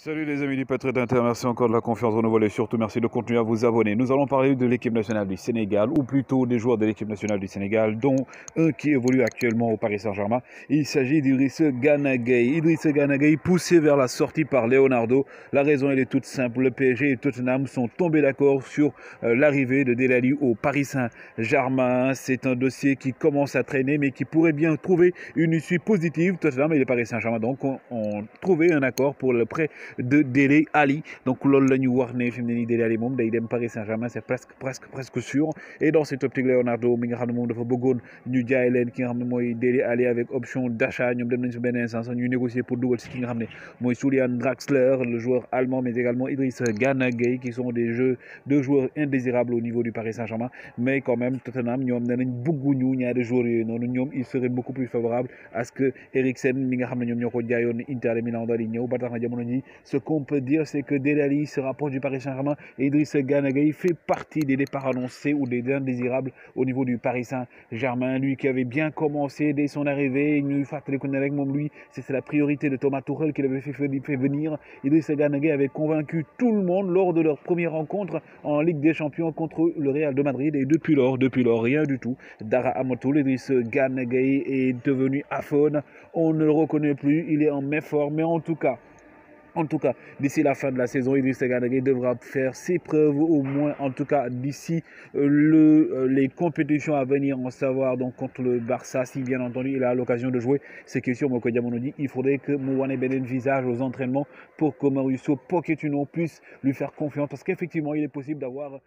Salut les amis du Patriot Inter, merci encore de la confiance renouvelée et surtout merci de continuer à vous abonner. Nous allons parler de l'équipe nationale du Sénégal, ou plutôt des joueurs de l'équipe nationale du Sénégal, dont un qui évolue actuellement au Paris Saint-Germain. Il s'agit d'Idriss Ganagay. Idriss Ganagay poussé vers la sortie par Leonardo. La raison elle est toute simple, le PSG et Tottenham sont tombés d'accord sur euh, l'arrivée de Delali au Paris Saint-Germain. C'est un dossier qui commence à traîner mais qui pourrait bien trouver une issue positive. Tottenham et le Paris Saint-Germain donc ont, ont trouvé un accord pour le prêt de Dele Ali donc loolu la ñu wax ne fi mu ne Ali moom day dem Paris Saint-Germain c'est presque presque presque sûr et dans cette optique Leonardo mi nga xam ne moom dafa bëggoon ñu jaay leen ki nga xam ne mooy Ali avec option d'achat ñoom dem nañ si benn instance ñu négocier pour dugal si ki nga xam ne mooy Draxler le joueur allemand mais également Idriss Gana qui sont des jeux deux joueurs indésirables au niveau du Paris Saint-Germain mais quand même Tottenham ñoom nee nañ bëgguñu des joueurs yooyu noonu ñoom il serait beaucoup plus favorable à ce que Eriksen mi nga xam ne ñoom ñoo ko jaayoon Inter Milan daal di ñëw ba tax na jamono ji ce qu'on peut dire, c'est que Delali se rapproche du Paris Saint-Germain et Idriss Ganagay fait partie des départs annoncés ou des indésirables au niveau du Paris Saint-Germain. Lui qui avait bien commencé dès son arrivée, il lui, c'est la priorité de Thomas Tuchel qui l'avait fait, venir. Idriss Ganagay avait convaincu tout le monde lors de leur première rencontre en Ligue des Champions contre le Real de Madrid et depuis lors, depuis lors, rien du tout. Dara Amotoul, Idriss Ganagay est devenu aphone, on ne le reconnaît plus, il est en méforme, mais en tout cas, en tout cas, d'ici la fin de la saison, Idriss devra faire ses preuves, au moins en tout cas d'ici euh, euh, les compétitions à venir, en savoir donc contre le Barça, si bien entendu il a l'occasion de jouer. C'est question, sur Moko dit il faudrait que Mouane Beden visage aux entraînements pour que Mauricio Pochettino puisse lui faire confiance, parce qu'effectivement il est possible d'avoir...